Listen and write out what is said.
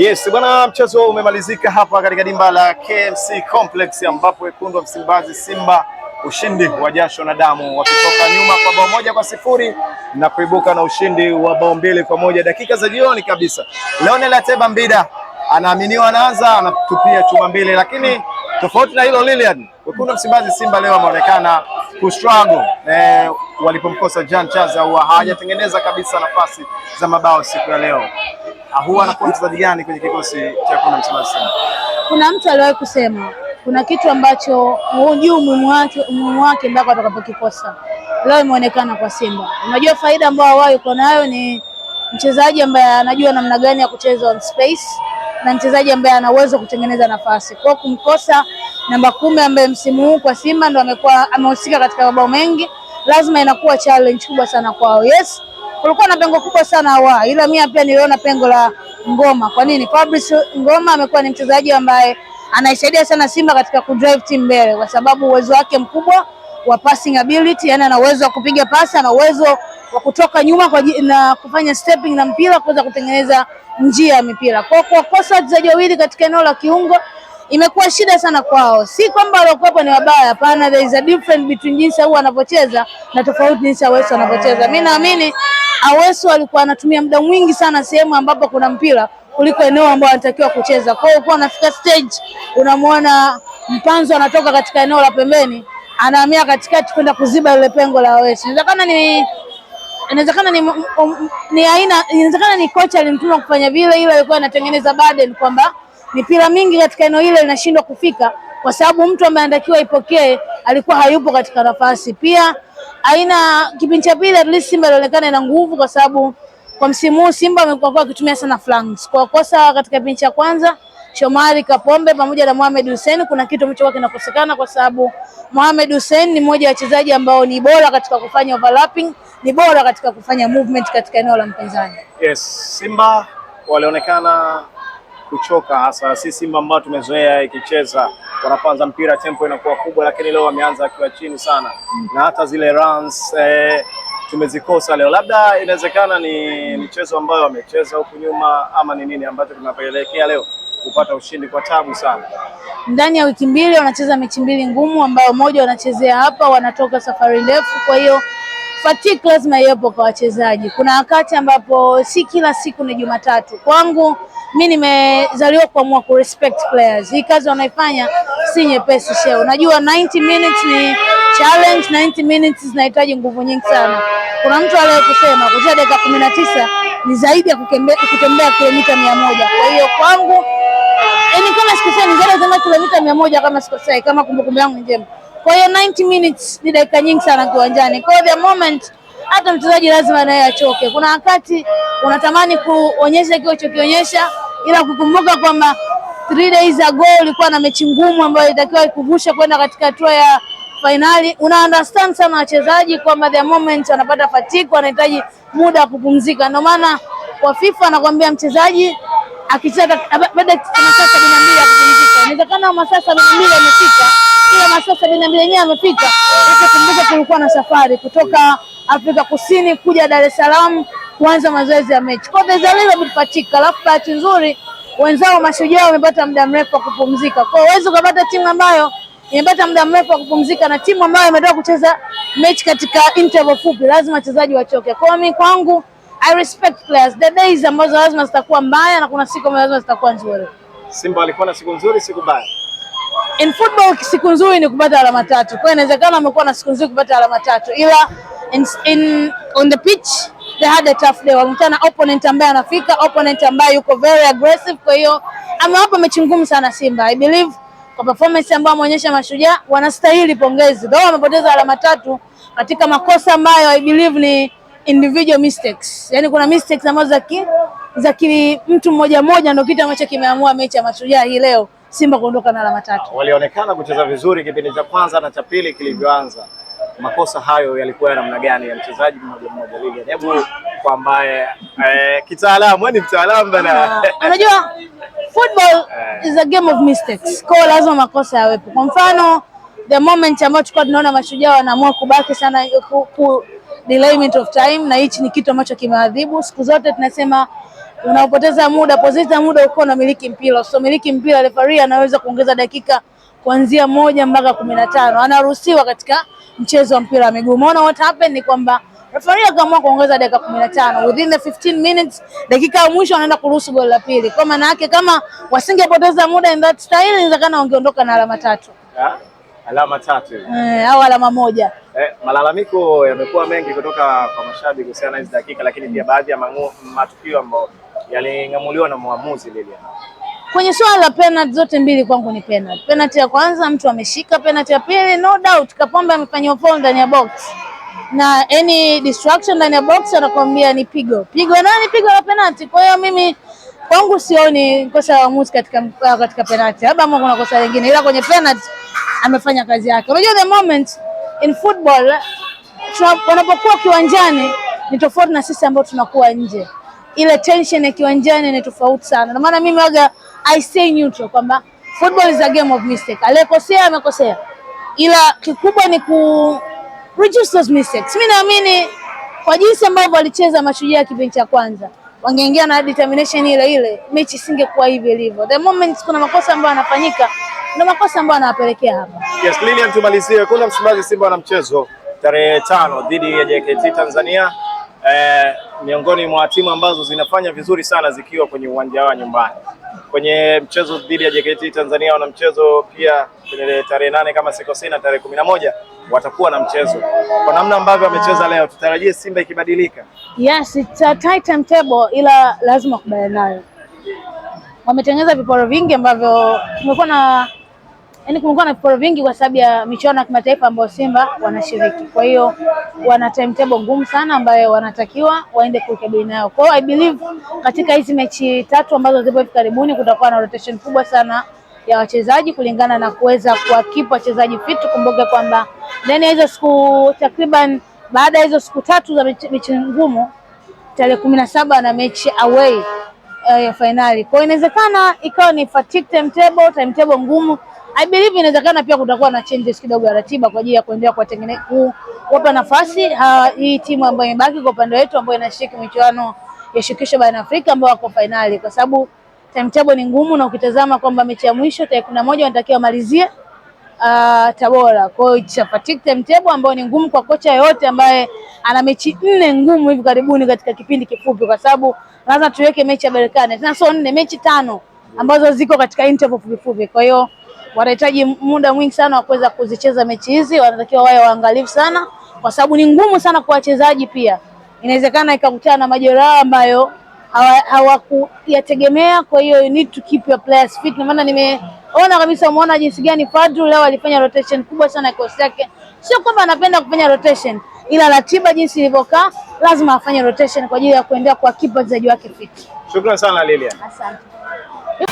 Yes, bwana, mchezo umemalizika hapa katika dimba la KMC Complex ambapo wekundu wa Msimbazi Simba ushindi wa jasho na damu wakitoka nyuma kwa bao moja kwa sifuri na kuibuka na ushindi wa bao mbili kwa moja dakika za jioni kabisa. Leonel Ateba Mbida anaaminiwa anaanza, anatupia chuma mbili, lakini tofauti na hilo, Lilian wekundu wa Msimbazi Simba leo ameonekana kustruggle eh, walipomkosa Jean Chaza, hawajatengeneza kabisa nafasi za mabao siku ya leo. Ah, huwa anakuwa mchezaji gani kwenye kikosi cha Kuna Msimbazi Kuna mtu aliwahi kusema kuna kitu ambacho hujui umuhimu wake mpaka utakapokikosa. Leo imeonekana kwa Simba. Unajua faida ambayo wao uko nayo ni mchezaji ambaye anajua namna gani ya kucheza on space na mchezaji ambaye ana uwezo kutengeneza nafasi. Kwa kumkosa namba kumi ambaye msimu huu kwa Simba ndo amekuwa amehusika katika mabao mengi, lazima inakuwa challenge kubwa sana kwao. Yes, kulikuwa na pengo kubwa sana wa, ila mimi pia niliona pengo la Ngoma. Kwa nini? Fabrice Ngoma amekuwa ni mchezaji ambaye anaisaidia sana Simba katika kudrive team mbele, kwa sababu uwezo wake mkubwa wa passing ability, yani ana uwezo wa kupiga pasi, ana uwezo wa kutoka nyuma kwa na kufanya stepping na mpira kuweza kutengeneza njia ya mipira. Kwa kwa kosa wachezaji wawili katika eneo la kiungo imekuwa shida sana kwao. Si kwamba waliokuwepo ni wabaya, hapana. There is a difference between jinsi huwa anavyocheza na tofauti jinsi Aweso anavyocheza. Mimi naamini Aweso alikuwa anatumia muda mwingi sana sehemu ambapo kuna mpira kuliko eneo ambalo anatakiwa kucheza. Kwa hiyo anafika stage unamwona Mpanzo anatoka katika eneo la pembeni anahamia katikati kwenda kuziba lile pengo la Aweso. Inawezekana ni inawezekana ni, ni aina inawezekana ni kocha alimtuma kufanya vile, ile alikuwa anatengeneza burden kwamba mipira mingi katika eneo hilo inashindwa kufika kwa sababu mtu ambaye anatakiwa ipokee alikuwa hayupo katika nafasi pia aina. Kipindi cha pili at least Simba ilionekana ina nguvu, kwa sababu kwa msimu huu Simba amekuwa wakitumia sana flanks kwa kosa. Katika kipindi cha kwanza Shomari Kapombe pamoja na Mohamed Hussein, kuna kitu ambacho kinakosekana, kwa sababu Mohamed Hussein ni mmoja wa wachezaji ambao ni bora katika kufanya overlapping, ni bora katika kufanya movement katika eneo la mpinzani. Yes, Simba walionekana kuchoka, hasa sisi Simba ambao tumezoea ikicheza wanapanza mpira tempo inakuwa kubwa, lakini leo wameanza akiwa chini sana mm. na hata zile runs eh, tumezikosa leo. Labda inawezekana ni mchezo ambayo wamecheza huku nyuma ama ni nini ambacho tunapelekea leo kupata ushindi kwa tabu sana. Ndani ya wiki mbili wanacheza mechi mbili ngumu, ambayo moja wanachezea hapa, wanatoka safari ndefu, kwa hiyo fatigue lazima iwepo kwa wachezaji. Kuna wakati ambapo si kila siku ni Jumatatu. Kwangu mi nimezaliwa kwa mwa ku respect players. Hii kazi wanaifanya si nyepesi Sheo, unajua 90 minutes ni challenge, 90 minutes zinahitaji nguvu nyingi sana. Kuna mtu aliyekusema kucheza dakika kumi na tisa ni zaidi ya kutembea kilomita mia moja. Kwa hiyo kwangu, yani kama sikusema, ni zaidi ya kilomita mia moja kama sikosai, kama kumbukumbu yangu njema. Kwa hiyo 90 minutes ni dakika nyingi sana kiwanjani. Kwa the moment hata mchezaji lazima naye achoke. Kuna wakati unatamani kuonyesha kile ulichokionyesha, ila kukumbuka kwamba three days ago ulikuwa na mechi ngumu ambayo ilitakiwa ikuvusha kwenda katika hatua ya fainali. Una understand sana wachezaji kwamba the moment wanapata fatigue, wanahitaji muda wa kupumzika. Ndio maana kwa FIFA anakuambia mchezaji akicheza baada ya dakika sabini na Inawezekana masaa sabini na mbili yamepita, kila masaa sabini na mbili yenyewe yamepita. Kumbuka tulikuwa na safari kutoka Afrika Kusini kuja Dar es Salaam kuanza mazoezi ya mechi kwa patika, alafu bahati nzuri wenzao mashujaa wamepata muda mrefu wa kupumzika. Kwa hiyo huwezi ukapata timu ambayo imepata muda mrefu wa kupumzika na timu ambayo imetoka kucheza mechi katika interval fupi, lazima wachezaji wachoke. Kwa hiyo mimi kwangu, I respect players. The days ambazo lazima zitakuwa mbaya na kuna siku ambazo lazima zitakuwa nzuri. Simba alikuwa na siku nzuri, siku mbaya. In football siku nzuri ni kupata alama tatu, kwa inawezekana amekuwa na siku nzuri kupata alama tatu, ila in, in, on the pitch they had a tough day. Wamekutana opponent ambaye anafika, opponent ambaye yuko very aggressive, kwa hiyo amewapa mechi ngumu sana Simba. I believe kwa performance ambayo ameonyesha Mashujaa wanastahili pongezi, though wamepoteza alama tatu katika makosa ambayo I believe ni individual mistakes. Yani kuna mistakes ambazo za za mtu mmoja mmoja ndio kitu ambacho kimeamua mechi ya Mashujaa hii leo Simba kuondoka na alama tatu. Ah, walionekana kucheza vizuri kipindi cha kwanza na cha pili kilivyoanza. Makosa hayo yalikuwa ya namna gani ya mchezaji mmoja mmoja lile? Hebu kwa ambaye eh, kitaalamu ni yaani mtaalamu bana. Ah, unajua football eh, is a game of mistakes. Kwa lazima makosa yawepo. Kwa mfano the moment ambayo tulikuwa tunaona Mashujaa wanaamua kubaki sana ku, ku, delayment of time, na hichi ni kitu ambacho kimeadhibu. Siku zote tunasema unapoteza muda, poteza muda uko na miliki mpira. So miliki mpira, refari anaweza kuongeza dakika kuanzia moja mpaka kumi na tano anaruhusiwa katika mchezo wa mpira wa miguu. Umeona what happened ni kwamba refaria akaamua kuongeza dakika kumi na tano within the 15 minutes, dakika ya mwisho anaenda kuruhusu goli la pili. Kwa maana yake kama wasingepoteza muda in that style, inawezekana wangeondoka na alama tatu alama tatu eh, au alama moja eh, Malalamiko yamekuwa mengi kutoka kwa mashabiki kuhusiana na hizi dakika, lakini pia baadhi ya matukio ambayo yaling'amuliwa na mwamuzi lile Kwenye swala la penalty zote mbili kwangu ni penalty. Penalty ya kwanza mtu ameshika, penalty ya pili no doubt Kapombe amefanya foul ndani ya box. Na any distraction ndani ya box anakuambia ni pigo. Pigo na ni Pigo la penalty. Kwa hiyo mimi kwangu sioni kosa la mwamuzi katika katika penalty. Labda kuna kosa lingine ila kwenye penalty amefanya kazi yake. Unajua the moment in football wanapokuwa kiwanjani ni tofauti na sisi ambao tunakuwa nje. Ile tension ya kiwanjani ni tofauti sana. Na maana mimi waga I stay neutral kwamba football is a game of mistake. Aliyekosea amekosea, ila kikubwa ni ku reduce those mistakes. Mimi naamini kwa jinsi ambavyo walicheza Mashujaa kipindi cha kwanza, wangeingia na determination ile ile, mechi isingekuwa hivi ilivyo. The moment kuna makosa ambayo yanafanyika na makosa ambayo anawapelekea hapa. Yes, Lilian, tumalizie kuna Msimbazi, Simba wana mchezo tarehe tano dhidi ya JKT Tanzania eh, miongoni mwa timu ambazo zinafanya vizuri sana zikiwa kwenye uwanja wa nyumbani. Kwenye mchezo dhidi ya JKT Tanzania wana mchezo pia kwenye tarehe nane kama sikosei na tarehe kumi na moja watakuwa na mchezo. Kwa namna ambavyo wamecheza leo, tutarajie Simba ikibadilika. Yes, it's a tight timetable, ila lazima kubaliana nayo. Wametengeneza viporo vingi ambavyo tumekuwa na yani kumekuwa na vikoro vingi kwa sababu ya michuano ya kimataifa ambayo Simba wanashiriki. Kwa hiyo wana timetable ngumu sana ambayo wanatakiwa waende kukabili nayo. Kwa hiyo I believe katika hizi mechi tatu ambazo zipo hivi karibuni kutakuwa na rotation kubwa sana ya wachezaji kulingana na kuweza kuwakipa wachezaji fit. Kumbuke kwamba ndani ya hizo siku takriban, baada ya hizo siku tatu za mechi ngumu, tarehe kumi na saba na mechi away eh, ya uh, fainali. Kwa hiyo inawezekana ikawa ni fatigue timetable, timetable ngumu I believe inawezekana pia kutakuwa na changes kidogo ya ratiba kwa ajili ya kuendelea kuwatengeneza kuwapa nafasi uh, hii timu ambayo imebaki kwa upande wetu ambayo inashiriki michuano ya shirikisho barani Afrika ambao wako finali, kwa sababu timetable ni ngumu, na ukitazama kwamba mechi ya mwisho tarehe kumi na moja wanatakiwa malizie uh, Tabora. Kwa hiyo it's a fatigue timetable ambayo ni ngumu kwa kocha yoyote ambaye ana mechi nne ngumu hivi karibuni katika kipindi kifupi, kwa sababu lazima tuweke mechi ya Berkane tena, so nne, mechi tano ambazo ziko katika interval fupi fupi, kwa hiyo wanahitaji muda mwingi sana wa kuweza kuzicheza mechi hizi, wanatakiwa wawe waangalifu sana, kwa sababu ni ngumu sana kwa wachezaji. Pia inawezekana ikakutana na majeraha ambayo hawakuyategemea hawa. Kwa hiyo you need to keep your players fit, na maana nimeona kabisa, umeona jinsi gani Fadlu leo alifanya rotation kubwa sana kikosi yake. Sio kwamba anapenda kufanya rotation, ila ratiba jinsi ilivyokaa lazima afanye rotation kwa ajili ya kuendelea kwa keep wachezaji wake fit. Shukrani sana Lilian, asante.